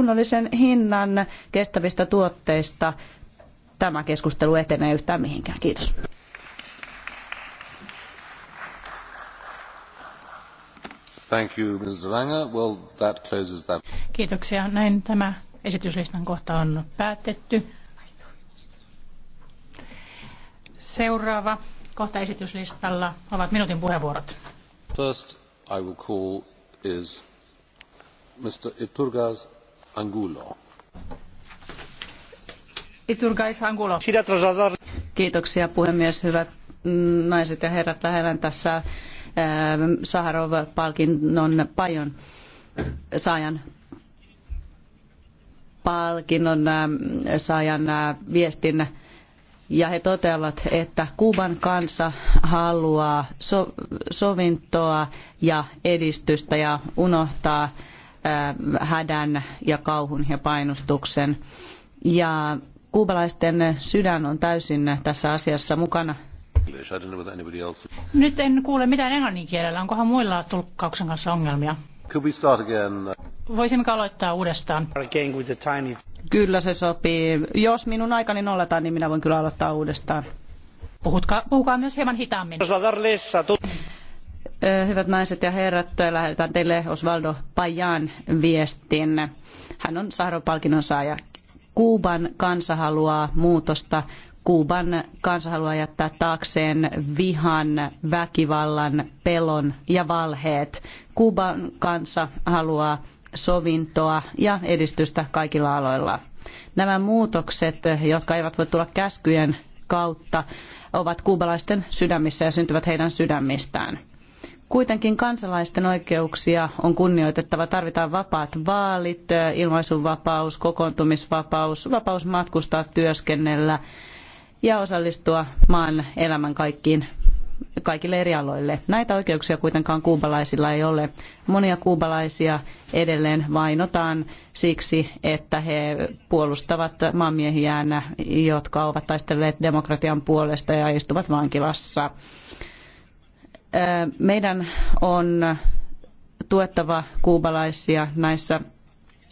kunnollisen hinnan kestävistä tuotteista tämä keskustelu etenee yhtään mihinkään. Kiitos. Thank you, Well, that closes that. Kiitoksia. Näin tämä esityslistan kohta on päätetty. Seuraava kohta esityslistalla ovat minuutin puheenvuorot. First I will call is Mr. Iturgas Angulo. Iturgais Angulo. Kiitoksia puhemies, hyvät naiset ja herrat. Lähetän tässä ähm, Saharov-palkinnon pajon saajan palkinnon ähm, saajan äh, viestin ja he toteavat, että Kuuban kansa haluaa sovintoa ja edistystä ja unohtaa hädän ja kauhun ja painostuksen. Ja kuubalaisten sydän on täysin tässä asiassa mukana. Nyt en kuule mitään englannin kielellä. Onkohan muilla tulkkauksen kanssa ongelmia? Could we start again? Voisimmeko aloittaa uudestaan? Again with the tiny... Kyllä se sopii. Jos minun aikani nollataan, niin minä voin kyllä aloittaa uudestaan. Puhutka, puhukaa myös hieman hitaammin. Hyvät naiset ja herrat, lähetän teille Osvaldo Pajan viestin. Hän on Sahro-palkinnon saaja. Kuuban kansa haluaa muutosta. Kuuban kansa haluaa jättää taakseen vihan, väkivallan, pelon ja valheet. Kuuban kansa haluaa sovintoa ja edistystä kaikilla aloilla. Nämä muutokset, jotka eivät voi tulla käskyjen kautta, ovat kuubalaisten sydämissä ja syntyvät heidän sydämistään. Kuitenkin kansalaisten oikeuksia on kunnioitettava. Tarvitaan vapaat vaalit, ilmaisunvapaus, kokoontumisvapaus, vapaus matkustaa, työskennellä ja osallistua maan elämän kaikkiin kaikille eri aloille. Näitä oikeuksia kuitenkaan kuubalaisilla ei ole. Monia kuubalaisia edelleen vainotaan siksi, että he puolustavat maanmiehiään, jotka ovat taistelleet demokratian puolesta ja istuvat vankilassa. Meidän on tuettava kuubalaisia näissä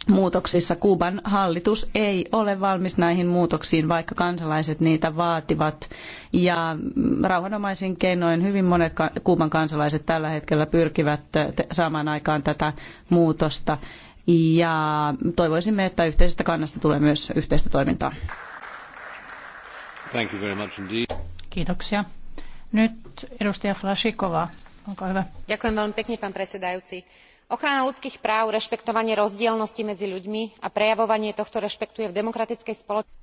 muutoksissa. Kuuban hallitus ei ole valmis näihin muutoksiin, vaikka kansalaiset niitä vaativat. Ja rauhanomaisin keinoin hyvin monet Kuuban kansalaiset tällä hetkellä pyrkivät saamaan aikaan tätä muutosta. Ja toivoisimme, että yhteisestä kannasta tulee myös yhteistä toimintaa. Kiitoksia. Nyt edustaja Flasikova, olkaa hyvä. Ďakujem veľmi pekne, pán predsedajúci. Ochrana ľudských práv, rešpektovanie rozdielnosti medzi ľuďmi a prejavovanie tohto rešpektu je v demokratickej spoločnosti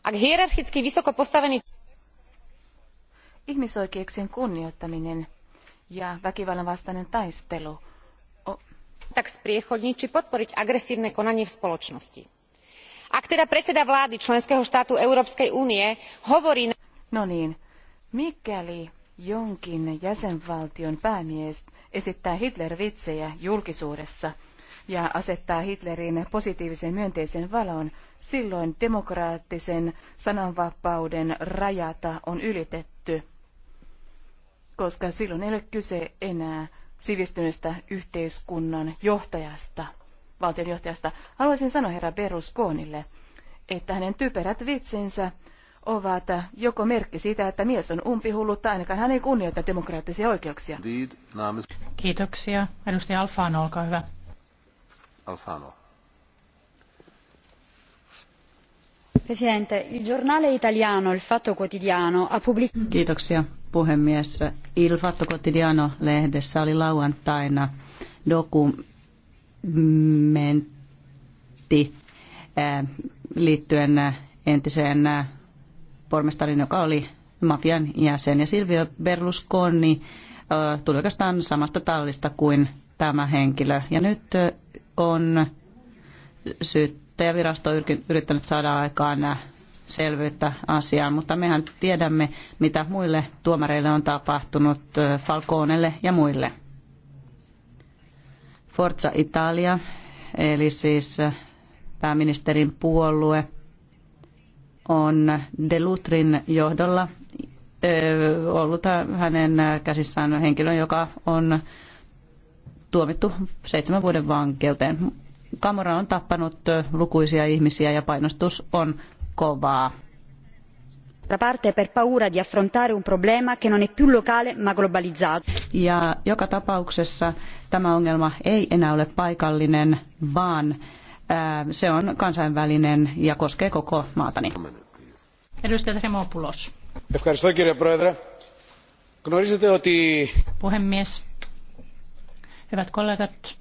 ak hierarchicky vysoko postavený ihmisoikeuksien kunnioittaminen ja väkivallan vastainen taistelu tak spriechodniť či podporiť agresívne konanie v spoločnosti ak teda predseda vlády členského štátu európskej únie hovorí. no niin mikäli jonkin jäsenvaltion päämies esittää hitler vitsejä julkisuudessa ja asettaa Hitlerin positiivisen myönteisen valon, silloin demokraattisen sananvapauden rajata on ylitetty, koska silloin ei ole kyse enää sivistyneestä yhteiskunnan johtajasta valtionjohtajasta. Haluaisin sanoa herra Berlusconille, että hänen typerät vitsinsä ovat joko merkki siitä, että mies on umpihullu tai ainakaan hän ei kunnioita demokraattisia oikeuksia. Kiitoksia. Edustaja Alfano, olkaa hyvä. Alfano. Presidente, il giornale italiano Il Fatto Quotidiano ha pubblicato... Kiitoksia puhemies. Il Fatto Quotidiano-lehdessä oli lauantaina dokumentti kommentti äh, liittyen äh, entiseen äh, pormestarin, joka oli mafian jäsen. Ja Silvio Berlusconi tuli oikeastaan samasta tallista kuin tämä henkilö. Ja nyt on syyttäjävirasto yrittänyt saada aikaan selvyyttä asiaan, mutta mehän tiedämme, mitä muille tuomareille on tapahtunut, Falconelle ja muille. Forza Italia, eli siis eh, pääministerin puolue, on De Lutrin johdolla eh, ollut hänen käsissään henkilö, joka on tuomittu seitsemän vuoden vankeuteen. Kamora on tappanut eh, lukuisia ihmisiä ja painostus on kovaa da parte per paura di affrontare un problema che non è più locale ma globalizzato. Ja joka tapauksessa tämä ongelma ei enää ole paikallinen, vaan ää, se on kansainvälinen ja koskee koko maatani. Edustaja Tremopoulos. Puhemies, hyvät kollegat,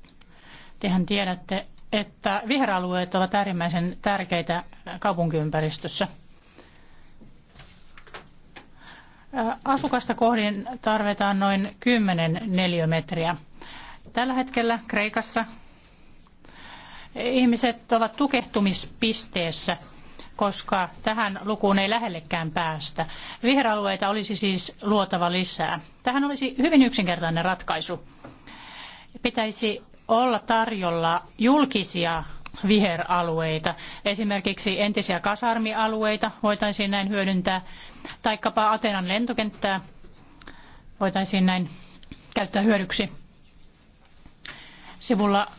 tehän tiedätte, että viheralueet ovat äärimmäisen tärkeitä kaupunkiympäristössä. Asukasta kohdin tarvitaan noin 10 neliömetriä. Tällä hetkellä Kreikassa ihmiset ovat tukehtumispisteessä, koska tähän lukuun ei lähellekään päästä. Viheralueita olisi siis luotava lisää. Tähän olisi hyvin yksinkertainen ratkaisu. Pitäisi olla tarjolla julkisia viheralueita. Esimerkiksi entisiä kasarmialueita voitaisiin näin hyödyntää, taikkapa Atenan lentokenttää voitaisiin näin käyttää hyödyksi. Sivulla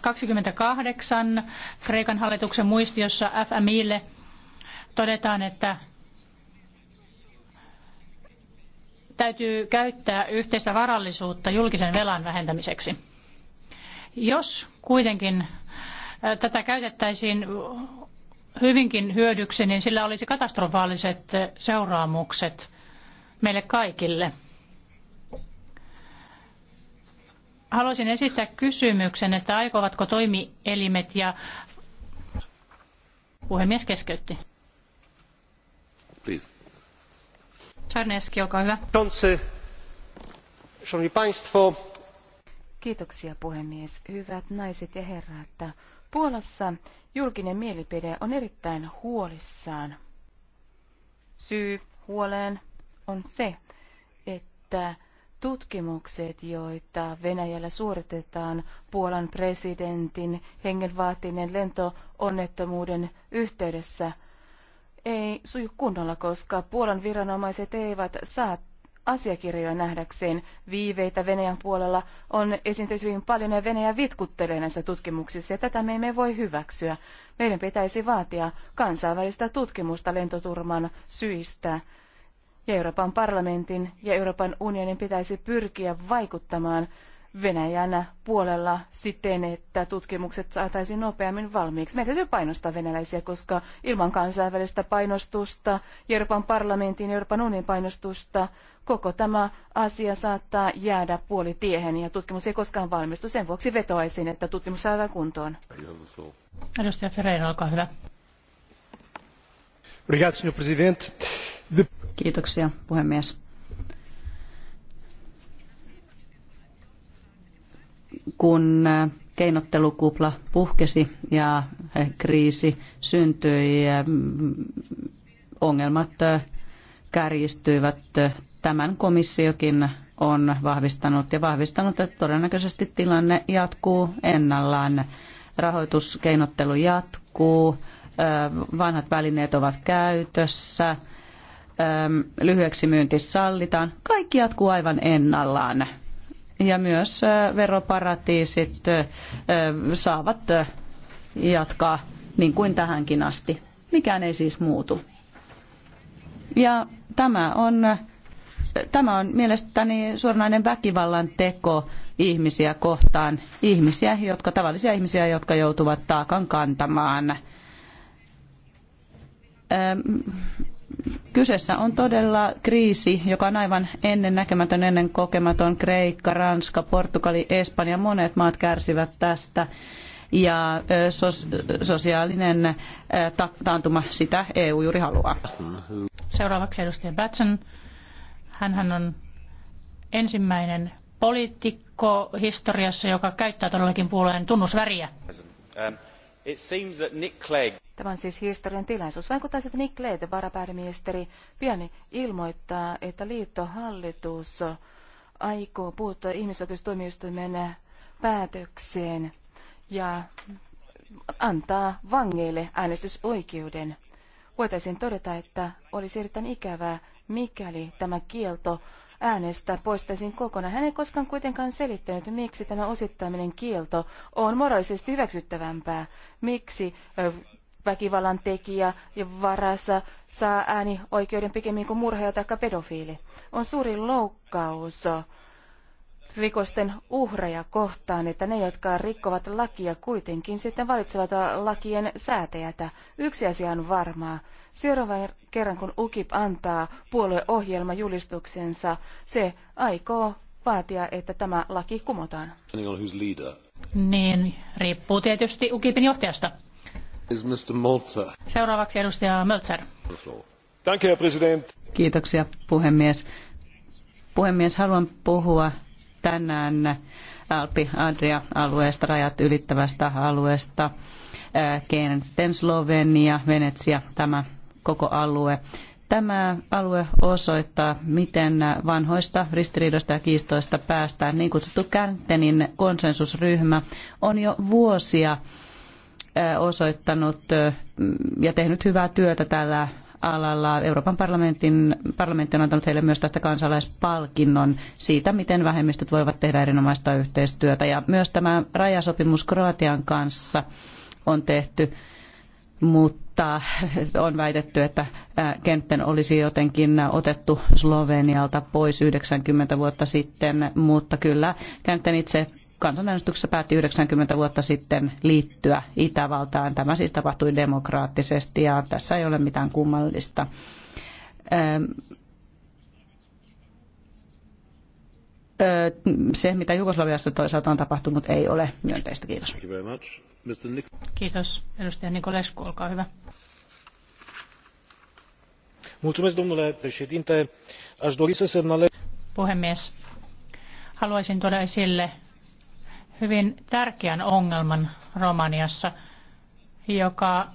28 Kreikan hallituksen muistiossa FMIlle todetaan, että täytyy käyttää yhteistä varallisuutta julkisen velan vähentämiseksi. Jos kuitenkin tätä käytettäisiin hyvinkin hyödyksi, niin sillä olisi katastrofaaliset seuraamukset meille kaikille. Haluaisin esittää kysymyksen, että aikovatko toimielimet ja puhemies keskeytti. Please. Czarneski, olkaa hyvä. Kiitoksia puhemies. Hyvät naiset ja herrat Puolassa julkinen mielipide on erittäin huolissaan. Syy huoleen on se, että tutkimukset, joita Venäjällä suoritetaan Puolan presidentin hengenvaatinen lentoonnettomuuden yhteydessä, ei suju kunnolla, koska Puolan viranomaiset eivät saa asiakirjoja nähdäkseen. Viiveitä Venäjän puolella on esiintynyt hyvin paljon ja Venäjä vitkuttelee näissä tutkimuksissa ja tätä me emme voi hyväksyä. Meidän pitäisi vaatia kansainvälistä tutkimusta lentoturman syistä. Ja Euroopan parlamentin ja Euroopan unionin pitäisi pyrkiä vaikuttamaan Venäjän puolella siten, että tutkimukset saataisiin nopeammin valmiiksi. Meidän täytyy painostaa venäläisiä, koska ilman kansainvälistä painostusta, Euroopan parlamentin, Euroopan unionin painostusta, koko tämä asia saattaa jäädä puolitiehen ja tutkimus ei koskaan valmistu. Sen vuoksi vetoaisin, että tutkimus saadaan kuntoon. Edustaja Ferreira, olkaa hyvä. Kiitoksia, puhemies kun keinottelukupla puhkesi ja kriisi syntyi, ongelmat kärjistyivät. Tämän komissiokin on vahvistanut ja vahvistanut, että todennäköisesti tilanne jatkuu ennallaan. Rahoituskeinottelu jatkuu, vanhat välineet ovat käytössä, lyhyeksi myynti sallitaan. Kaikki jatkuu aivan ennallaan ja myös äh, veroparatiisit äh, saavat äh, jatkaa niin kuin tähänkin asti. Mikään ei siis muutu. Ja tämä on, tämä on mielestäni suoranainen väkivallan teko ihmisiä kohtaan, ihmisiä, jotka, tavallisia ihmisiä, jotka joutuvat taakan kantamaan. Kyseessä on todella kriisi, joka on aivan ennen näkemätön, ennen kokematon. Kreikka, Ranska, Portugali, Espanja, monet maat kärsivät tästä. Ja sosiaalinen taantuma, sitä EU juuri haluaa. Seuraavaksi edustaja Batson. Hänhän on ensimmäinen poliitikko historiassa, joka käyttää todellakin puolueen tunnusväriä. Um, Tämä on siis historian tilaisuus. Vaikuttaa että Nick Leite, varapääministeri, pieni ilmoittaa, että liittohallitus aikoo puuttua ihmisoikeustuomioistuimen päätökseen ja antaa vangeille äänestysoikeuden. Voitaisiin todeta, että olisi erittäin ikävää, mikäli tämä kielto äänestää poistaisin kokonaan. Hän ei koskaan kuitenkaan selittänyt, miksi tämä osittaminen kielto on moraalisesti hyväksyttävämpää. Miksi väkivallan tekijä ja varassa saa oikeuden pikemmin kuin murhaaja tai pedofiili. On suuri loukkaus rikosten uhreja kohtaan, että ne, jotka rikkovat lakia, kuitenkin sitten valitsevat lakien säätäjätä. Yksi asia on varmaa. Seuraavan kerran, kun UKIP antaa julistuksensa, se aikoo vaatia, että tämä laki kumotaan. Niin, riippuu tietysti UKIPin johtajasta. Is Seuraavaksi edustaja Mölzer. Kiitoksia, puhemies. Puhemies, haluan puhua tänään Alpi-Adria-alueesta, rajat ylittävästä alueesta, äh, Kenten Slovenia, Venetsia, tämä koko alue. Tämä alue osoittaa, miten vanhoista ristiriidoista ja kiistoista päästään. Niin kutsuttu Kärntenin konsensusryhmä on jo vuosia osoittanut ja tehnyt hyvää työtä tällä alalla. Euroopan parlamentin, parlamentti on antanut heille myös tästä kansalaispalkinnon siitä, miten vähemmistöt voivat tehdä erinomaista yhteistyötä. Ja myös tämä rajasopimus Kroatian kanssa on tehty, mutta on väitetty, että kenttän olisi jotenkin otettu Slovenialta pois 90 vuotta sitten, mutta kyllä Kentten itse kansanäänestyksessä päätti 90 vuotta sitten liittyä Itävaltaan. Tämä siis tapahtui demokraattisesti ja tässä ei ole mitään kummallista. Ehm, se, mitä Jugoslaviassa toisaalta on tapahtunut, ei ole myönteistä. Kiitos. Kiitos. Edustaja Nikolescu, olkaa hyvä. Mulțumesc, domnule președinte. Aș dori să Puhemies, haluaisin tuoda esille hyvin tärkeän ongelman Romaniassa, joka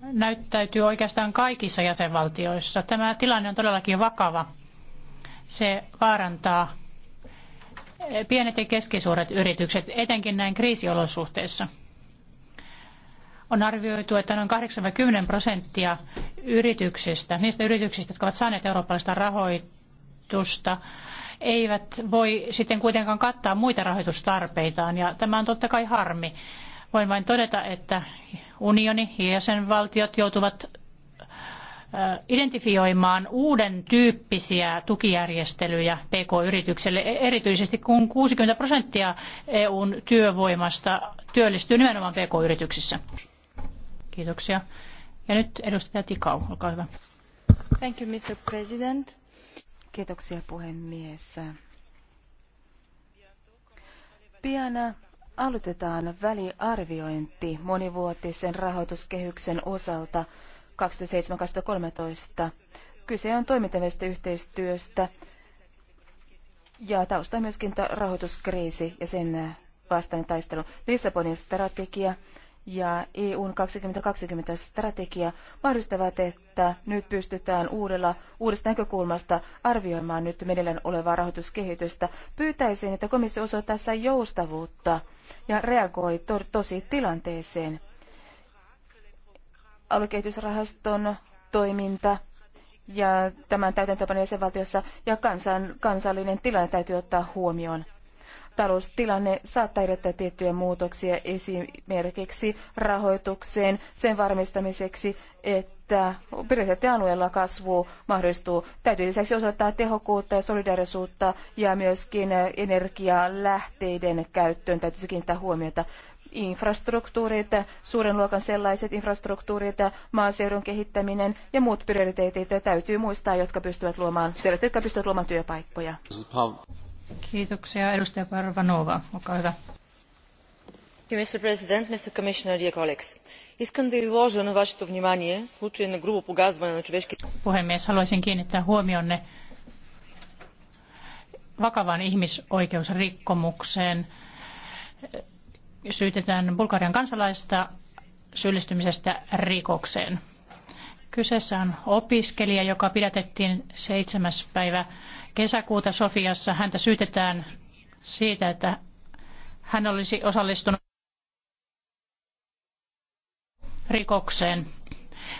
näyttäytyy oikeastaan kaikissa jäsenvaltioissa. Tämä tilanne on todellakin vakava. Se vaarantaa pienet ja keskisuuret yritykset, etenkin näin kriisiolosuhteissa. On arvioitu, että noin 80 prosenttia yrityksistä, niistä yrityksistä, jotka ovat saaneet eurooppalaista rahoitusta, eivät voi sitten kuitenkaan kattaa muita rahoitustarpeitaan ja tämä on totta kai harmi. Voin vain todeta, että unioni ja jäsenvaltiot joutuvat identifioimaan uuden tyyppisiä tukijärjestelyjä PK-yritykselle, e, erityisesti kun 60 prosenttia EUn työvoimasta työllistyy nimenomaan PK-yrityksissä. Kiitoksia. Ja nyt edustaja Tikau, olkaa hyvä. Thank you, Mr. President. Kiitoksia puhemies. Pian aloitetaan väliarviointi monivuotisen rahoituskehyksen osalta 2007-2013. Kyse on toimintavista yhteistyöstä ja tausta myöskin rahoituskriisi ja sen vastainen taistelu. Lissabonin strategia ja EUn 2020-strategia mahdollistavat, että nyt pystytään uudella, uudesta näkökulmasta arvioimaan nyt meneillään olevaa rahoituskehitystä. Pyytäisin, että komissio osoittaa tässä joustavuutta ja reagoi to- tosi tilanteeseen. Aluekehitysrahaston toiminta ja tämän täytäntöpanon jäsenvaltiossa ja kansan, kansallinen tilanne täytyy ottaa huomioon taloustilanne saattaa edellyttää tiettyjä muutoksia esimerkiksi rahoitukseen sen varmistamiseksi, että prioriteettialueella kasvu mahdollistuu. Täytyy lisäksi osoittaa tehokkuutta ja solidaarisuutta ja myöskin energialähteiden käyttöön täytyisi kiinnittää huomiota infrastruktuurit, suuren luokan sellaiset infrastruktuurit, maaseudun kehittäminen ja muut prioriteetit täytyy muistaa, jotka pystyvät luomaan, sellaiset, jotka pystyvät luomaan työpaikkoja. Kiitoksia. Edustaja Parvanova, olkaa hyvä. Mr. President, Mr. Commissioner, dear colleagues. Искам да изложа на вашето внимание случай на грубо погазване на човешки... Puhemies, haluaisin kiinnittää huomionne vakavaan ihmisoikeusrikkomukseen. Syytetään Bulgarian kansalaista syyllistymisestä rikokseen. Kyseessä on opiskelija, joka pidätettiin 7. päivä kesäkuuta Sofiassa häntä syytetään siitä, että hän olisi osallistunut rikokseen.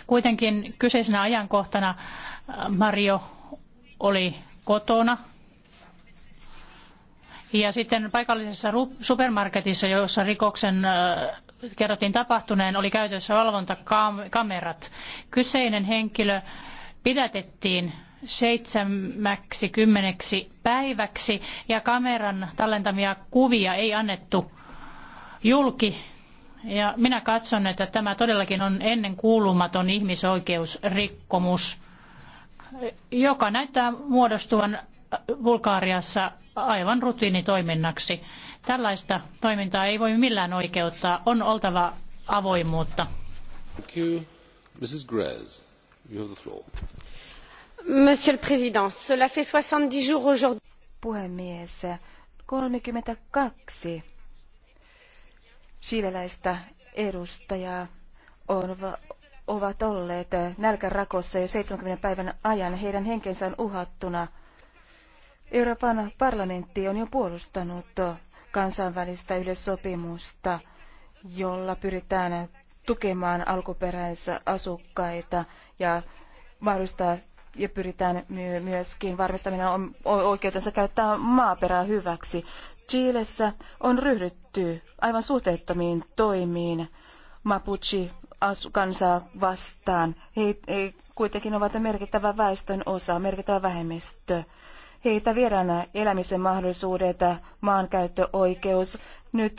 Kuitenkin kyseisenä ajankohtana Mario oli kotona. Ja sitten paikallisessa supermarketissa, jossa rikoksen kerrottiin tapahtuneen, oli käytössä valvontakamerat. Kyseinen henkilö pidätettiin seitsemäksi kymmeneksi päiväksi ja kameran tallentamia kuvia ei annettu julki. Ja minä katson, että tämä todellakin on ennen kuulumaton ihmisoikeusrikkomus, joka näyttää muodostuvan Bulgaariassa aivan rutiinitoiminnaksi. Tällaista toimintaa ei voi millään oikeuttaa. On oltava avoimuutta. Thank you. Mrs. Grez, you have the floor. Monsieur le Président, cela fait dix jours aujourd'hui. Puhemies, 32 chileläistä edustajaa on, ovat olleet nälkärakossa jo 70 päivän ajan. Heidän henkensä on uhattuna. Euroopan parlamentti on jo puolustanut kansainvälistä yleissopimusta, jolla pyritään tukemaan alkuperäisasukkaita ja mahdollistaa ja pyritään myöskin varmistamaan oikeutensa käyttää maaperää hyväksi. Chiilessä on ryhdytty aivan suhteettomiin toimiin Mapuchi kansaa vastaan. He, he kuitenkin ovat merkittävä väestön osa, merkittävä vähemmistö. Heitä viedään elämisen mahdollisuudet, maankäyttöoikeus. Nyt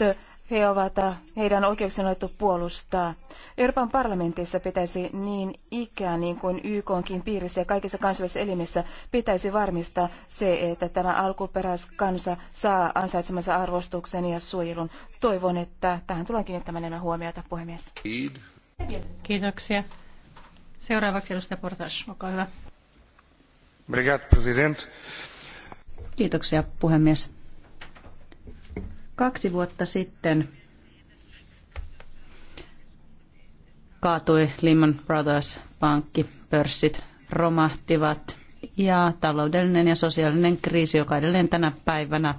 he ovat, äh, heidän oikeuksien otettu puolustaa. Euroopan parlamentissa pitäisi niin ikään niin kuin YKkin piirissä ja kaikissa kansallisissa elimissä pitäisi varmistaa se, että tämä alkuperäiskansa saa ansaitsemansa arvostuksen ja suojelun. Toivon, että tähän tullaan kiinnittämään enemmän huomiota, puhemies. Kiitoksia. Seuraavaksi edustaja Portas, olkaa hyvä. Kiitoksia, puhemies. Kaksi vuotta sitten kaatui Lehman Brothers pankki, pörssit romahtivat ja taloudellinen ja sosiaalinen kriisi, joka edelleen tänä päivänä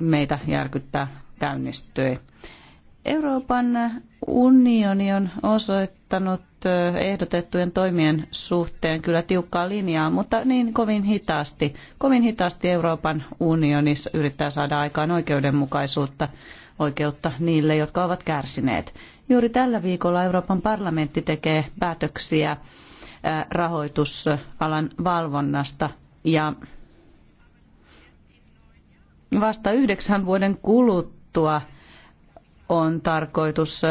meitä järkyttää, käynnistyi. Euroopan unioni on osoittanut ehdotettujen toimien suhteen kyllä tiukkaa linjaa, mutta niin kovin hitaasti. Kovin hitaasti Euroopan unionissa yrittää saada aikaan oikeudenmukaisuutta, oikeutta niille, jotka ovat kärsineet. Juuri tällä viikolla Euroopan parlamentti tekee päätöksiä rahoitusalan valvonnasta ja vasta yhdeksän vuoden kuluttua – on tarkoitus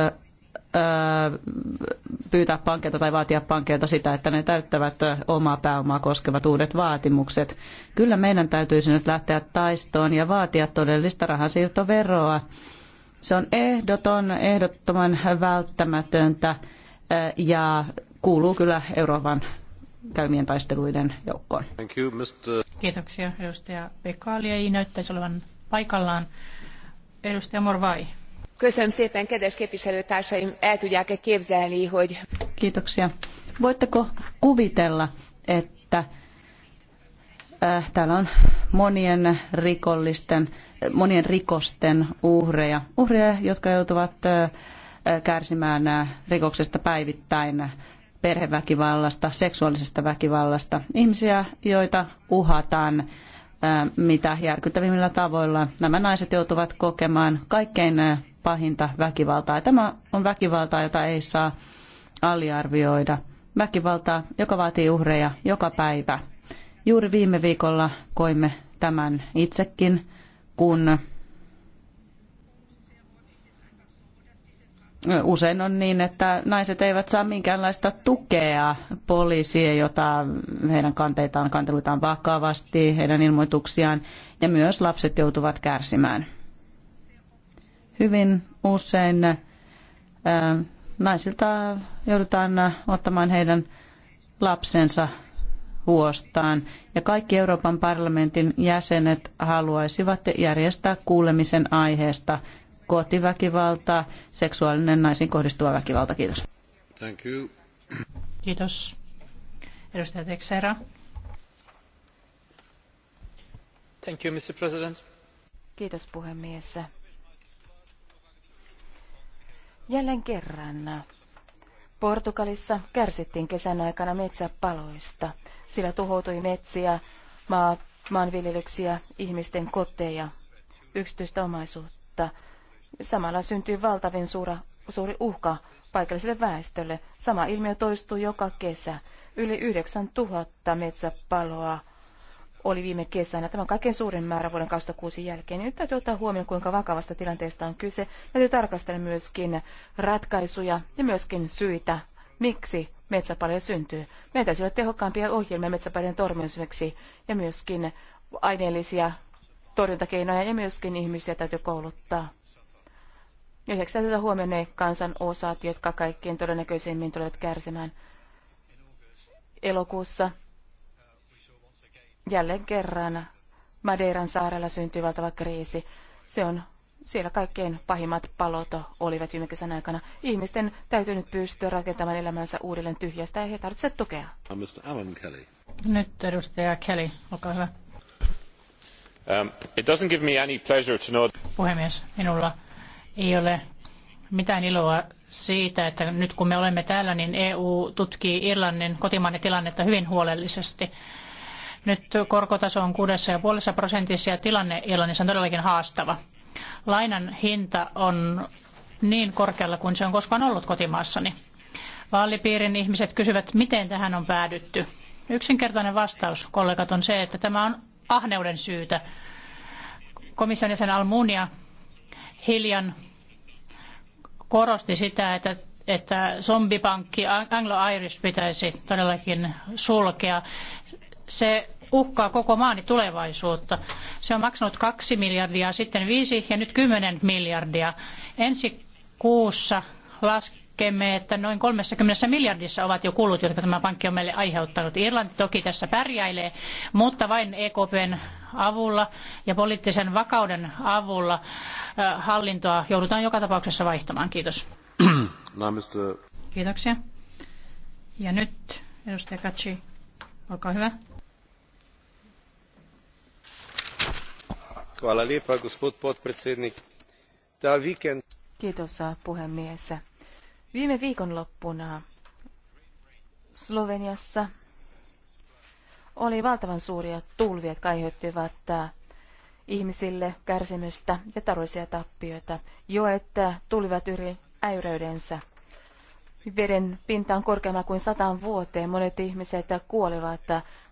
pyytää pankilta tai vaatia pankilta sitä, että ne täyttävät omaa pääomaa koskevat uudet vaatimukset. Kyllä meidän täytyisi nyt lähteä taistoon ja vaatia todellista rahansiirtoveroa. Se on ehdoton, ehdottoman välttämätöntä ja kuuluu kyllä Euroopan käymien taisteluiden joukkoon. Thank you, Mr. Kiitoksia. Edustaja Pekali ei näyttäisi olevan paikallaan. Edustaja Morvai kedves képviselőtársaim el tudják e képzelni hogy. kiitoksia voitteko kuvitella että äh, täällä on monien rikollisten äh, monien rikosten uhreja uhreja jotka joutuvat äh, kärsimään rikoksesta päivittäin perheväkivallasta seksuaalisesta väkivallasta ihmisiä joita uhataan mitä järkyttävimmillä tavoilla nämä naiset joutuvat kokemaan kaikkein pahinta väkivaltaa. Tämä on väkivaltaa, jota ei saa aliarvioida. Väkivaltaa, joka vaatii uhreja joka päivä. Juuri viime viikolla koimme tämän itsekin, kun usein on niin, että naiset eivät saa minkäänlaista tukea poliisiin, jota heidän kanteitaan, kanteluitaan vakavasti, heidän ilmoituksiaan ja myös lapset joutuvat kärsimään hyvin usein äh, naisilta joudutaan ottamaan heidän lapsensa huostaan. Ja kaikki Euroopan parlamentin jäsenet haluaisivat järjestää kuulemisen aiheesta kotiväkivalta, seksuaalinen naisiin kohdistuva väkivalta. Kiitos. Thank you. Kiitos. Edustaja Texera. Thank you, Mr. President. Kiitos puhemies. Jälleen kerran Portugalissa kärsittiin kesän aikana metsäpaloista, sillä tuhoutui metsiä, maa, maanviljelyksiä, ihmisten koteja, yksityistä omaisuutta. Samalla syntyi valtavin suura, suuri uhka paikalliselle väestölle. Sama ilmiö toistuu joka kesä. Yli 9000 metsäpaloa oli viime kesänä. Tämä on kaikkein suurin määrä vuoden 2006 jälkeen. Ja nyt täytyy ottaa huomioon, kuinka vakavasta tilanteesta on kyse. Täytyy tarkastella myöskin ratkaisuja ja myöskin syitä, miksi metsäpalja syntyy. Meidän täytyy olla tehokkaampia ohjelmia metsäpaljan torjumiseksi ja myöskin aineellisia torjuntakeinoja ja myöskin ihmisiä täytyy kouluttaa. Lisäksi täytyy ottaa huomioon ne kansan osat, jotka kaikkien todennäköisimmin tulevat kärsimään elokuussa Jälleen kerran Madeiran saarella syntyi valtava kriisi. Se on siellä kaikkein pahimmat palot olivat viime kesän aikana. Ihmisten täytyy nyt pystyä rakentamaan elämänsä uudelleen tyhjästä ja he tarvitsevat tukea. Uh, Mr. Alan Kelly. Nyt edustaja Kelly, olkaa hyvä. Um, it doesn't give me any pleasure to know... Puhemies, minulla ei ole mitään iloa siitä, että nyt kun me olemme täällä, niin EU tutkii Irlannin kotimainen tilannetta hyvin huolellisesti. Nyt korkotaso on 6,5 prosentissa ja tilanne Irlannissa on todellakin haastava. Lainan hinta on niin korkealla kuin se on koskaan ollut kotimaassani. Vaalipiirin ihmiset kysyvät, miten tähän on päädytty. Yksinkertainen vastaus, kollegat, on se, että tämä on ahneuden syytä. Komission jäsen Almunia hiljan korosti sitä, että että zombipankki Anglo-Irish pitäisi todellakin sulkea se uhkaa koko maani tulevaisuutta. Se on maksanut kaksi miljardia, sitten viisi ja nyt kymmenen miljardia. Ensi kuussa laskemme, että noin 30 miljardissa ovat jo kulut, jotka tämä pankki on meille aiheuttanut. Irlanti toki tässä pärjäilee, mutta vain EKPn avulla ja poliittisen vakauden avulla hallintoa joudutaan joka tapauksessa vaihtamaan. Kiitos. Kiitoksia. Ja nyt edustaja Katsi, olkaa hyvä. Kiitos äh, puhemies. Viime viikonloppuna Sloveniassa oli valtavan suuria tulvia, jotka aiheuttivat äh, ihmisille kärsimystä ja taloudellisia tappioita. Joet äh, tulivat yli äyreydensä veden pinta on kuin sataan vuoteen. Monet ihmiset kuolevat.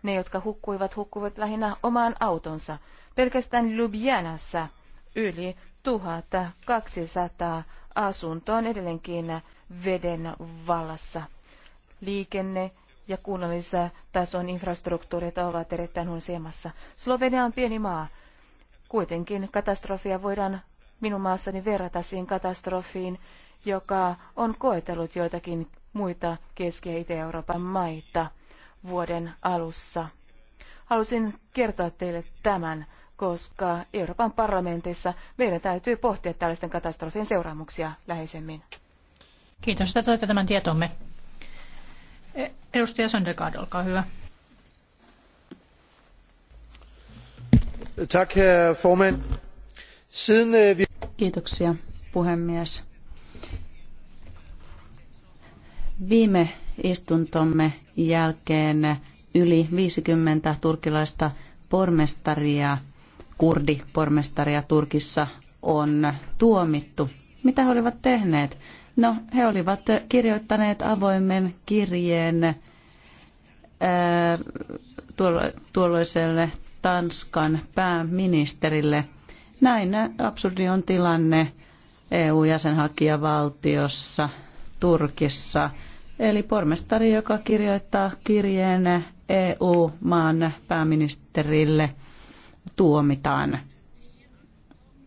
Ne, jotka hukkuivat, hukkuivat lähinnä omaan autonsa. Pelkästään Ljubljanassa yli 1200 asuntoa on edelleenkin veden vallassa. Liikenne ja tason infrastruktuurit ovat erittäin huonossa Slovenia on pieni maa. Kuitenkin katastrofia voidaan minun maassani verrata siihen katastrofiin, joka on koetellut joitakin muita Keski- ja Itä-Euroopan maita vuoden alussa. Halusin kertoa teille tämän, koska Euroopan parlamentissa meidän täytyy pohtia tällaisten katastrofien seuraamuksia läheisemmin. Kiitos, että toitte tämän tietomme. E, edustaja Söndergaard, olkaa hyvä. Tack, herr øh, Kiitoksia, puhemies. Viime istuntomme jälkeen yli 50 turkilaista pormestaria, kurdipormestaria Turkissa on tuomittu. Mitä he olivat tehneet? No, he olivat kirjoittaneet avoimen kirjeen ää, äh, tuolloiselle Tanskan pääministerille. Näin absurdi on tilanne EU-jäsenhakijavaltiossa Turkissa. Eli pormestari, joka kirjoittaa kirjeen EU-maan pääministerille, tuomitaan.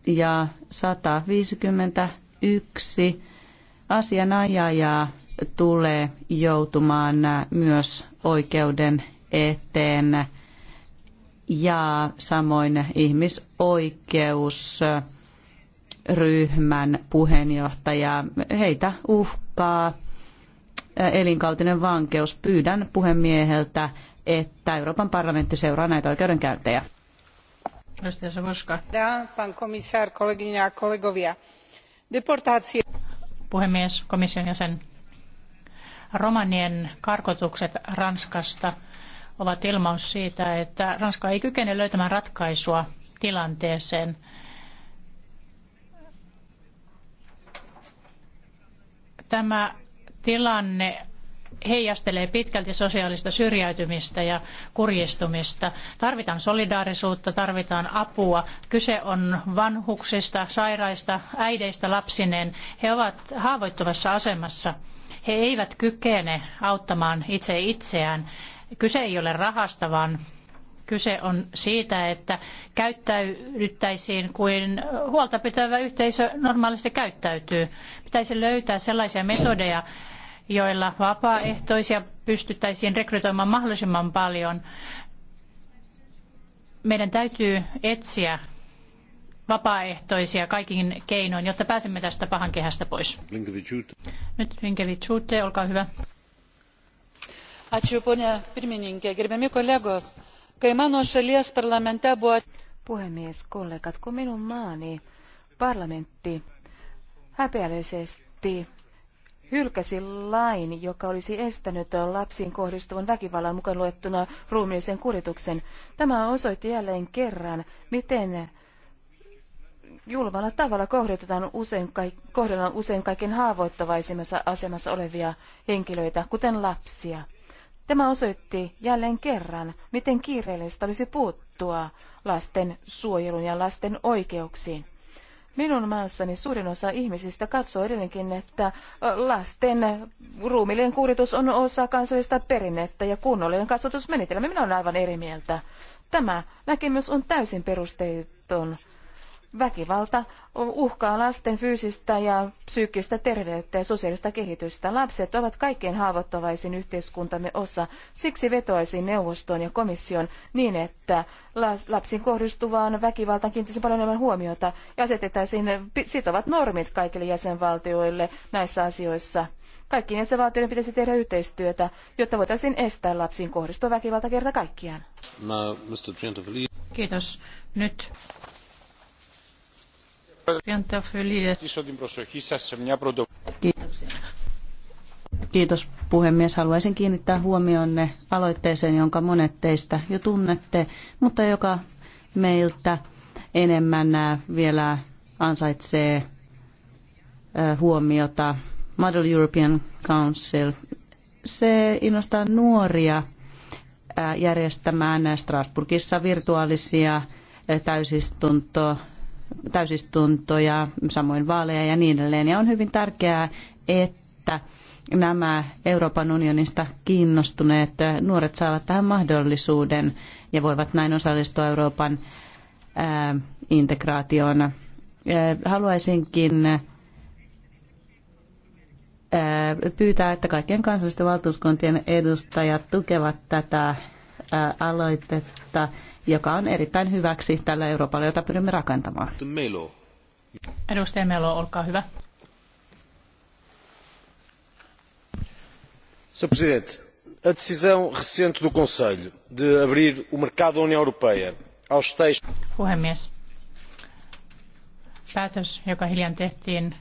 Ja 151 asianajajaa tulee joutumaan myös oikeuden eteen ja samoin ihmisoikeusryhmän puheenjohtaja. Heitä uhkaa elinkautinen vankeus. Pyydän puhemieheltä, että Euroopan parlamentti seuraa näitä oikeudenkäyntejä. kollegovia. Deportaatio. Puhemies, komission jäsen. Romanien karkotukset Ranskasta ovat ilmaus siitä, että Ranska ei kykene löytämään ratkaisua tilanteeseen. Tämä tilanne heijastelee pitkälti sosiaalista syrjäytymistä ja kurjistumista. Tarvitaan solidaarisuutta, tarvitaan apua. Kyse on vanhuksista, sairaista, äideistä lapsineen. He ovat haavoittuvassa asemassa. He eivät kykene auttamaan itse itseään. Kyse ei ole rahasta, vaan Kyse on siitä, että käyttäydyttäisiin kuin huolta pitävä yhteisö normaalisti käyttäytyy. Pitäisi löytää sellaisia metodeja, joilla vapaaehtoisia pystyttäisiin rekrytoimaan mahdollisimman paljon. Meidän täytyy etsiä vapaaehtoisia kaikin keinoin, jotta pääsemme tästä pahan kehästä pois. Nyt Vinkevičiūtė, olkaa hyvä. Ačiū, ponia pirmininkė, gerbiami kolegos kai mano šalies parlamente buvo... Puhemies, kollegat, kun minun maani parlamentti häpeällisesti hylkäsi lain, joka olisi estänyt lapsiin kohdistuvan väkivallan mukaan luettuna ruumiillisen kurituksen. Tämä osoitti jälleen kerran, miten julmalla tavalla kohdellaan usein, kohdellaan usein kaiken asemassa olevia henkilöitä, kuten lapsia. Tämä osoitti jälleen kerran, miten kiireellistä olisi puuttua lasten suojelun ja lasten oikeuksiin. Minun maassani suurin osa ihmisistä katsoo edelleenkin, että lasten ruumillinen kuritus on osa kansallista perinnettä ja kunnollinen kasvatusmenetelmä. Minä olen aivan eri mieltä. Tämä näkemys on täysin perusteeton Väkivalta uhkaa lasten fyysistä ja psyykkistä terveyttä ja sosiaalista kehitystä. Lapset ovat kaikkein haavoittavaisin yhteiskuntamme osa. Siksi vetoaisin neuvostoon ja komission niin, että lapsiin kohdistuvaan väkivaltaan kiinnittäisi paljon enemmän huomiota ja asetettaisiin sitovat normit kaikille jäsenvaltioille näissä asioissa. Kaikkien jäsenvaltioiden pitäisi tehdä yhteistyötä, jotta voitaisiin estää lapsiin kohdistuva väkivalta kerta kaikkiaan. Kiitos. Nyt Kiitos puhemies. Haluaisin kiinnittää huomionne aloitteeseen, jonka monet teistä jo tunnette, mutta joka meiltä enemmän äh, vielä ansaitsee äh, huomiota. Model European Council. Se innostaa nuoria äh, järjestämään Strasbourgissa virtuaalisia täysistuntoja täysistuntoja, samoin vaaleja ja niin edelleen. Ja on hyvin tärkeää, että nämä Euroopan unionista kiinnostuneet nuoret saavat tähän mahdollisuuden ja voivat näin osallistua Euroopan integraatioon. Haluaisinkin pyytää, että kaikkien kansallisten valtuuskuntien edustajat tukevat tätä aloitetta joka on erittäin hyväksi tällä Euroopalla, jota pyrimme rakentamaan. Melo. Edustaja Melo, olkaa hyvä. Sr. Presidente, a decisão recente do Conselho de abrir o mercado da União Europeia aos textos... Puhemies. Päätös, joka hiljan tehtiin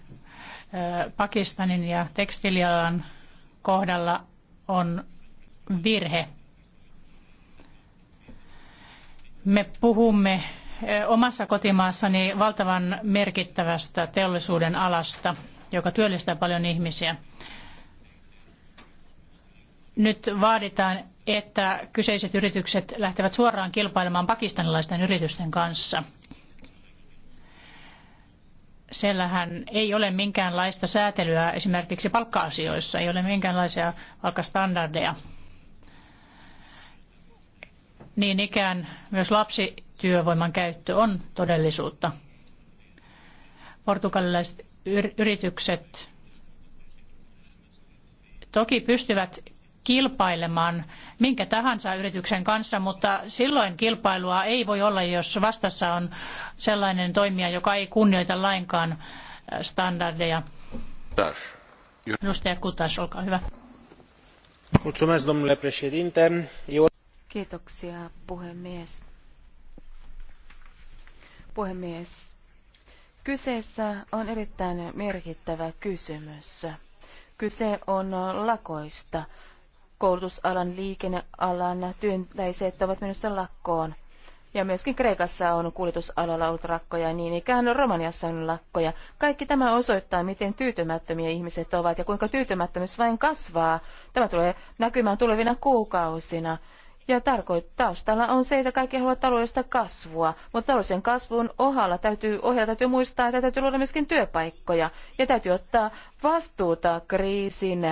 Pakistanin ja tekstilialan kohdalla, on virhe. Me puhumme omassa kotimaassani valtavan merkittävästä teollisuuden alasta, joka työllistää paljon ihmisiä. Nyt vaaditaan, että kyseiset yritykset lähtevät suoraan kilpailemaan pakistanilaisten yritysten kanssa. Siellähän ei ole minkäänlaista säätelyä esimerkiksi palkka-asioissa, ei ole minkäänlaisia palkkastandardeja niin ikään myös lapsityövoiman käyttö on todellisuutta. Portugalilaiset yritykset toki pystyvät kilpailemaan minkä tahansa yrityksen kanssa, mutta silloin kilpailua ei voi olla, jos vastassa on sellainen toimija, joka ei kunnioita lainkaan äh, standardeja. Edustaja Kutas, olkaa hyvä. Mulțumesc, domnule președinte. Eu... Kiitoksia, puhemies. Puhemies, kyseessä on erittäin merkittävä kysymys. Kyse on lakoista. Koulutusalan, liikennealan työntäiset ovat menossa lakkoon. Ja myöskin Kreikassa on kuljetusalalla ollut rakkoja ja niin ikään Romaniassa on lakkoja. Kaikki tämä osoittaa, miten tyytymättömiä ihmiset ovat ja kuinka tyytymättömyys vain kasvaa. Tämä tulee näkymään tulevina kuukausina. Ja taustalla on se, että kaikki haluavat taloudellista kasvua, mutta taloudellisen kasvun ohalla täytyy, ohjata täytyy muistaa, että täytyy luoda myöskin työpaikkoja ja täytyy ottaa vastuuta kriisin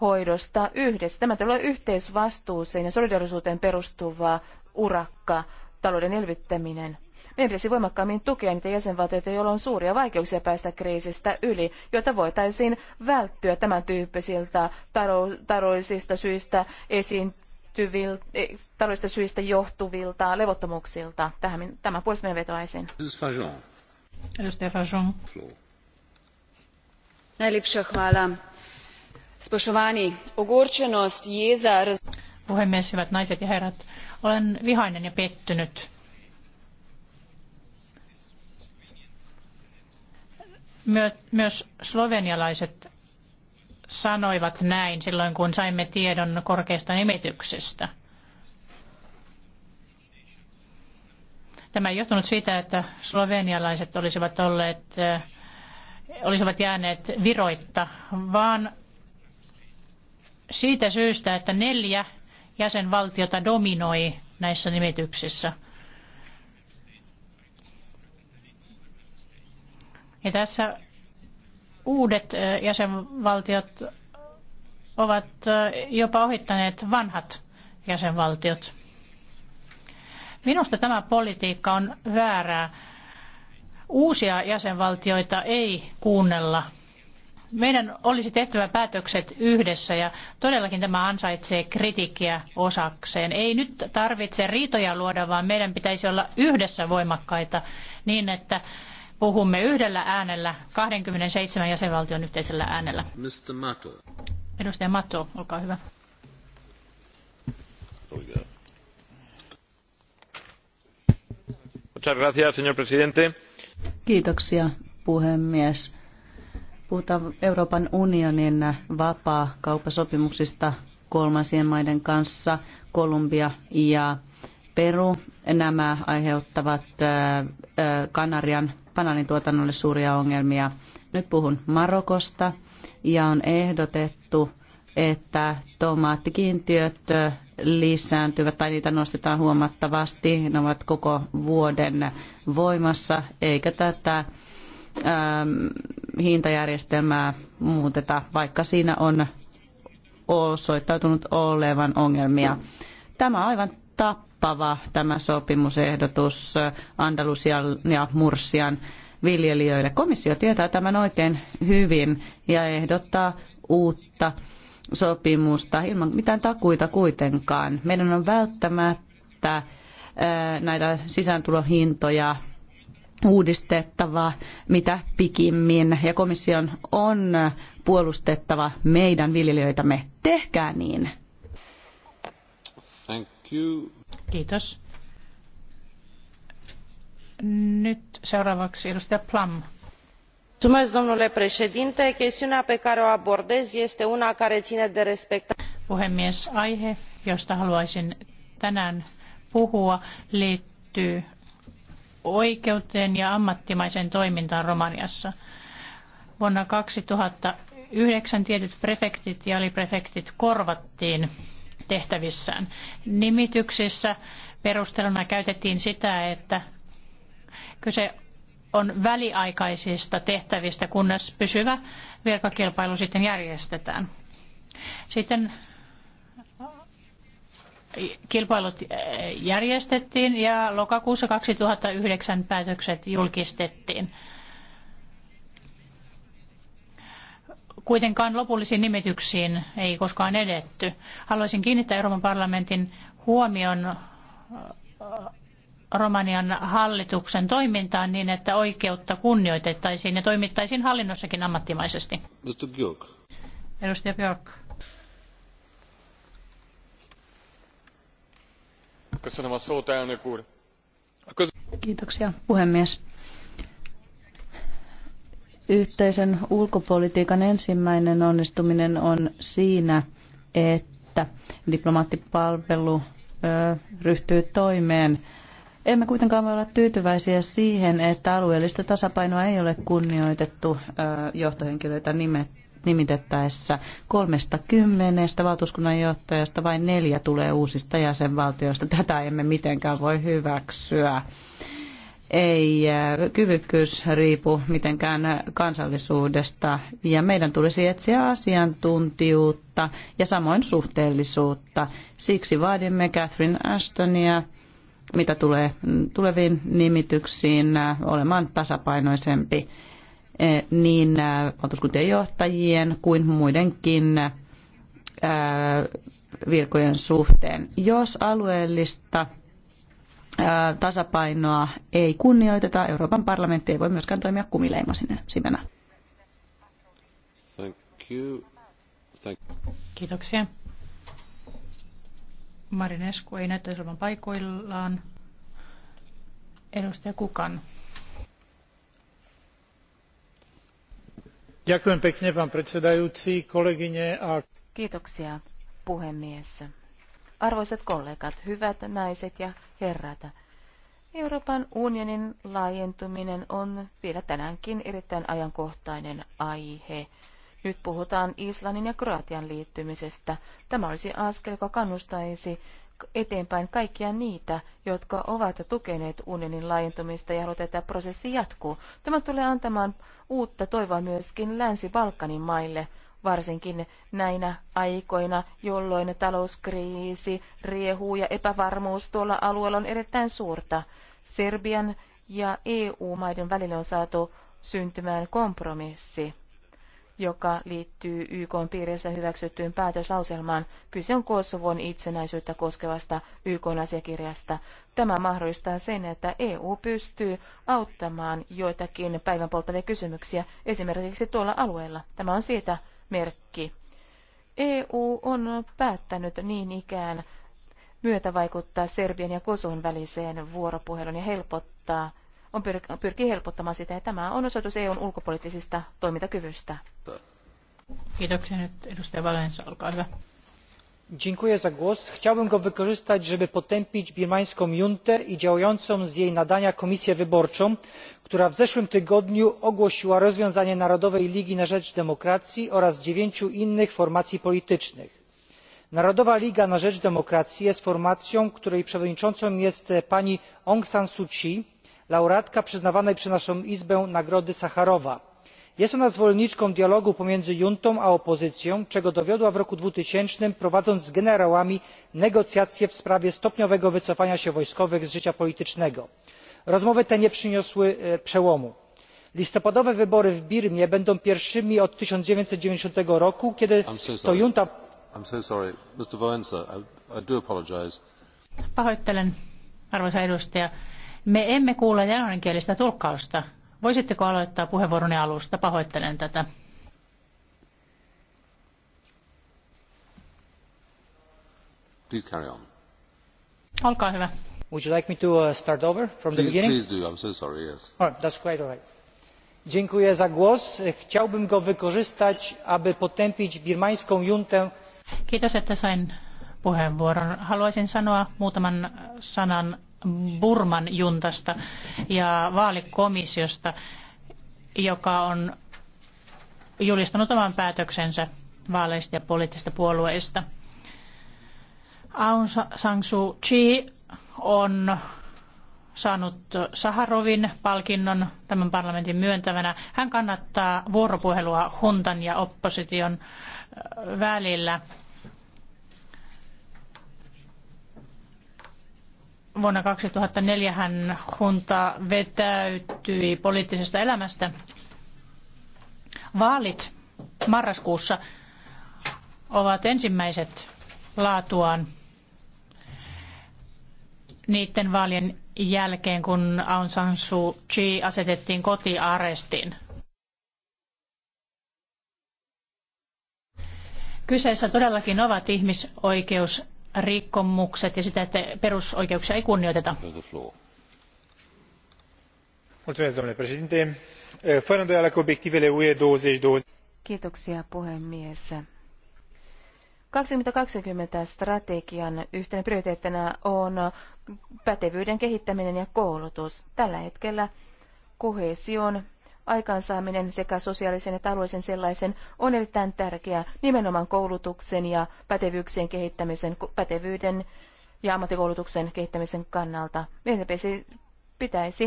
hoidosta yhdessä. Tämä tulee yhteisvastuuseen ja solidarisuuteen perustuvaa urakka, talouden elvyttäminen. Meidän pitäisi voimakkaammin tukea niitä jäsenvaltioita, joilla on suuria vaikeuksia päästä kriisistä yli, jotta voitaisiin välttyä tämän tyyppisiltä taloudellisista syistä esiin liittyviltä, eh, taloudellisista syistä johtuvilta levottomuuksilta. Tähän, tämän puolesta minä vetoaisin. Edustaja Fajon. Najlepša hvala. Spoštovani, ogorčenost, jeza... Puhemies, hyvät naiset ja herrat, olen vihainen ja pettynyt myös slovenialaiset sanoivat näin silloin, kun saimme tiedon korkeasta nimityksestä. Tämä ei johtunut siitä, että slovenialaiset olisivat olleet, äh, olisivat jääneet viroitta, vaan siitä syystä, että neljä jäsenvaltiota dominoi näissä nimityksissä. Ja tässä Uudet jäsenvaltiot ovat jopa ohittaneet vanhat jäsenvaltiot. Minusta tämä politiikka on väärää. Uusia jäsenvaltioita ei kuunnella. Meidän olisi tehtävä päätökset yhdessä ja todellakin tämä ansaitsee kritiikkiä osakseen. Ei nyt tarvitse riitoja luoda, vaan meidän pitäisi olla yhdessä voimakkaita niin, että puhumme yhdellä äänellä, 27 jäsenvaltion yhteisellä äänellä. Mr. Mato. Edustaja Matto, olkaa hyvä. Kiitoksia, puhemies. Puhutaan Euroopan unionin vapaa kauppasopimuksista kolmansien maiden kanssa, Kolumbia ja Peru. Nämä aiheuttavat Kanarian banaanin tuotannolle suuria ongelmia. Nyt puhun Marokosta ja on ehdotettu, että tomaattikiintiöt lisääntyvät tai niitä nostetaan huomattavasti. Ne ovat koko vuoden voimassa, eikä tätä ähm, hintajärjestelmää muuteta, vaikka siinä on osoittautunut olevan ongelmia. Tämä on aivan tappaa kattava tämä sopimusehdotus Andalusian ja Mursian viljelijöille. Komissio tietää tämän oikein hyvin ja ehdottaa uutta sopimusta ilman mitään takuita kuitenkaan. Meidän on välttämättä näitä sisääntulohintoja uudistettava mitä pikimmin ja komission on puolustettava meidän viljelijöitämme. Tehkää niin. Thank you. Kiitos. Nyt seuraavaksi edustaja Plum. Chestiunea pe care o abordez este una care ține de respectarea. Puhemies, aihe, josta haluaisin tänään puhua, liittyy oikeuteen ja ammattimaiseen toimintaan Romaniassa. Vuonna 2009 tietyt prefektit ja aliprefektit korvattiin tehtävissään. Nimityksissä perusteluna käytettiin sitä, että kyse on väliaikaisista tehtävistä, kunnes pysyvä virkakilpailu sitten järjestetään. Sitten kilpailut järjestettiin ja lokakuussa 2009 päätökset julkistettiin. kuitenkaan lopullisiin nimityksiin ei koskaan edetty. Haluaisin kiinnittää Euroopan parlamentin huomion Romanian hallituksen toimintaan niin, että oikeutta kunnioitettaisiin ja toimittaisiin hallinnossakin ammattimaisesti. Mr. Björk. Edustaja Björk. Kiitoksia puhemies. Yhteisen ulkopolitiikan ensimmäinen onnistuminen on siinä, että diplomaattipalvelu ryhtyy toimeen. Emme kuitenkaan voi olla tyytyväisiä siihen, että alueellista tasapainoa ei ole kunnioitettu johtohenkilöitä nimitettäessä kolmesta kymmenestä valtuuskunnan johtajasta vain neljä tulee uusista jäsenvaltioista. Tätä emme mitenkään voi hyväksyä ei äh, kyvykkyys riipu mitenkään kansallisuudesta ja meidän tulisi etsiä asiantuntijuutta ja samoin suhteellisuutta. Siksi vaadimme Catherine Ashtonia, mitä tulee mm, tuleviin nimityksiin, äh, olemaan tasapainoisempi eh, niin äh, valtuuskuntien johtajien kuin muidenkin virkojen suhteen. Jos alueellista tasapainoa ei kunnioiteta. Euroopan parlamentti ei voi myöskään toimia kumileimasimena. Thank you. Thank you. Kiitoksia. Marinescu ei näyttäisi olevan paikoillaan. Edustaja Kukan. Ďakujem pekne, pán predsedajúci, kolegyne a... Kiitoksia, puhemies. Arvoisat kollegat, hyvät naiset ja herrat, Euroopan unionin laajentuminen on vielä tänäänkin erittäin ajankohtainen aihe. Nyt puhutaan Islannin ja Kroatian liittymisestä. Tämä olisi askel, joka kannustaisi eteenpäin kaikkia niitä, jotka ovat tukeneet unionin laajentumista ja haluavat, että prosessi jatkuu. Tämä tulee antamaan uutta toivoa myöskin Länsi-Balkanin maille – varsinkin näinä aikoina, jolloin talouskriisi riehuu ja epävarmuus tuolla alueella on erittäin suurta. Serbian ja EU-maiden välille on saatu syntymään kompromissi joka liittyy YK piirissä hyväksyttyyn päätöslauselmaan. Kyse on Kosovon itsenäisyyttä koskevasta YK asiakirjasta. Tämä mahdollistaa sen, että EU pystyy auttamaan joitakin päivän polttavia kysymyksiä esimerkiksi tuolla alueella. Tämä on siitä merkki. EU on päättänyt niin ikään myötävaikuttaa Serbian ja Kosovon väliseen vuoropuheluun ja helpottaa, on pyr- pyrkii helpottamaan sitä, ja tämä on osoitus EUn ulkopoliittisista toimintakyvystä. Kiitoksia nyt edustaja Valensa, olkaa hyvä chciałbym go wykorzystać żeby potępić birmańską juntę i działającą z jej nadania komisję wyborczą która w zeszłym tygodniu ogłosiła rozwiązanie narodowej ligi na rzecz demokracji oraz dziewięciu innych formacji politycznych. narodowa liga na rzecz demokracji jest formacją której przewodniczącą jest pani aung san suu kyi laureatka przyznawanej przez naszą izbę nagrody sacharowa jest ona zwolenniczką dialogu pomiędzy juntą a opozycją czego dowiodła w roku dwa tysiące prowadząc z generałami negocjacje w sprawie stopniowego wycofania się wojskowych z życia politycznego. rozmowy te nie przyniosły e, przełomu. listopadowe wybory w birmie będą pierwszymi od tysiąc dziewięćset dziewięćdzisiąt roku kiedy to junta Voisitteko aloittaa puheenvuoroni alusta? Pahoittelen tätä. Please carry on. Olkaa hyvä. Would you like me to uh, start over from the beginning? Please do. I'm so sorry. Yes. All right, that's quite all right. Dziękuję za głos. Chciałbym go wykorzystać, aby potępić birmańską juntę. Kiitos, että sain puheenvuoron. Haluaisin sanoa muutaman sanan Burman juntasta ja vaalikomissiosta, joka on julistanut oman päätöksensä vaaleista ja poliittisista puolueista. Aung San Suu Kyi on saanut Saharovin palkinnon tämän parlamentin myöntävänä. Hän kannattaa vuoropuhelua huntan ja opposition välillä Vuonna 2004 hän junta vetäytyi poliittisesta elämästä. Vaalit marraskuussa ovat ensimmäiset laatuaan niiden vaalien jälkeen, kun Aung San Suu Kyi asetettiin kotiarestiin. Kyseessä todellakin ovat ihmisoikeus rikkomukset ja sitä, että perusoikeuksia ei kunnioiteta? fără îndoială că obiectivele Kiitoksia puhemies. 2020 strategian yhtenä prioriteettina on pätevyyden kehittäminen ja koulutus. Tällä hetkellä kohesion aikaansaaminen sekä sosiaalisen että taloudellisen sellaisen on erittäin tärkeää nimenomaan koulutuksen ja pätevyyksien kehittämisen, pätevyyden ja ammattikoulutuksen kehittämisen kannalta. Meidän pitäisi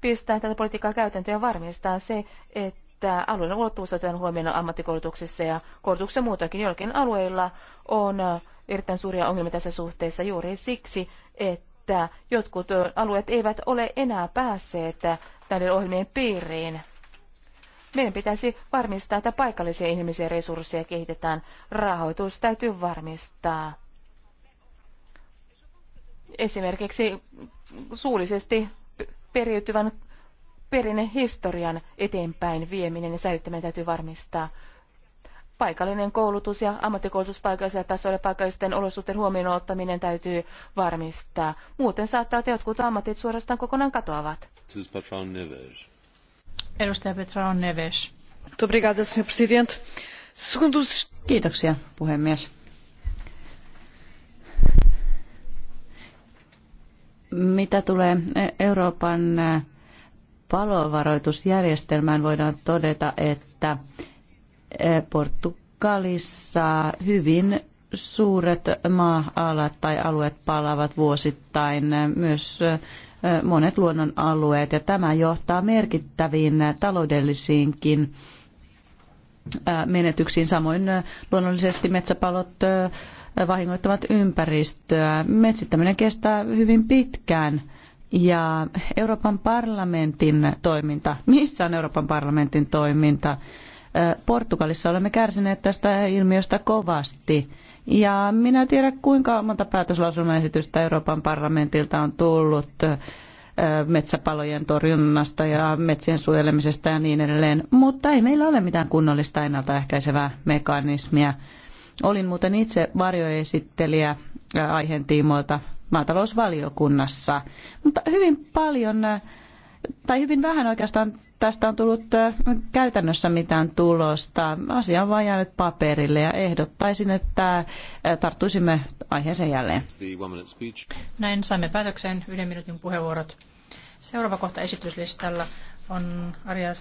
pistää tätä politiikkaa käytäntöön ja varmistaa se, että alueen ulottuvuus otetaan huomioon ammattikoulutuksessa ja koulutuksessa muutoinkin. Joillakin alueilla on äh, erittäin suuria ongelmia tässä suhteessa juuri siksi, että jotkut äh, alueet eivät ole enää päässeet äh, näiden ohjelmien piiriin meidän pitäisi varmistaa, että paikallisia ihmisiä resursseja kehitetään. Rahoitus täytyy varmistaa. Esimerkiksi suullisesti periytyvän perinnehistorian eteenpäin vieminen ja säilyttäminen täytyy varmistaa. Paikallinen koulutus ja ammattikoulutus paikallisella tasolla paikallisten olosuhteiden huomioon ottaminen täytyy varmistaa. Muuten saattaa, että jotkut ammatit suorastaan kokonaan katoavat. This is Edustaja Petra on Neves. Kiitoksia, puhemies. Mitä tulee e, Euroopan e, palovaroitusjärjestelmään, voidaan todeta, että e, Portugalissa hyvin suuret maa-alat tai alueet palavat vuosittain. Myös monet luonnonalueet ja tämä johtaa merkittäviin taloudellisiinkin menetyksiin. Samoin luonnollisesti metsäpalot vahingoittavat ympäristöä. Metsittäminen kestää hyvin pitkään. Ja Euroopan parlamentin toiminta, missä on Euroopan parlamentin toiminta? Portugalissa olemme kärsineet tästä ilmiöstä kovasti ja minä en tiedä, kuinka monta päätöslauselmaesitystä Euroopan parlamentilta on tullut metsäpalojen torjunnasta ja metsien suojelemisesta ja niin edelleen, mutta ei meillä ole mitään kunnollista ennaltaehkäisevää mekanismia. Olin muuten itse varjoesittelijä aiheen tiimoilta maatalousvaliokunnassa, mutta hyvin paljon tai hyvin vähän oikeastaan tästä on tullut käytännössä mitään tulosta. Asia on vain jäänyt paperille ja ehdottaisin, että tarttuisimme aiheeseen jälleen. Näin saimme päätökseen yhden minuutin puheenvuorot. Seuraava kohta esityslistalla on Arias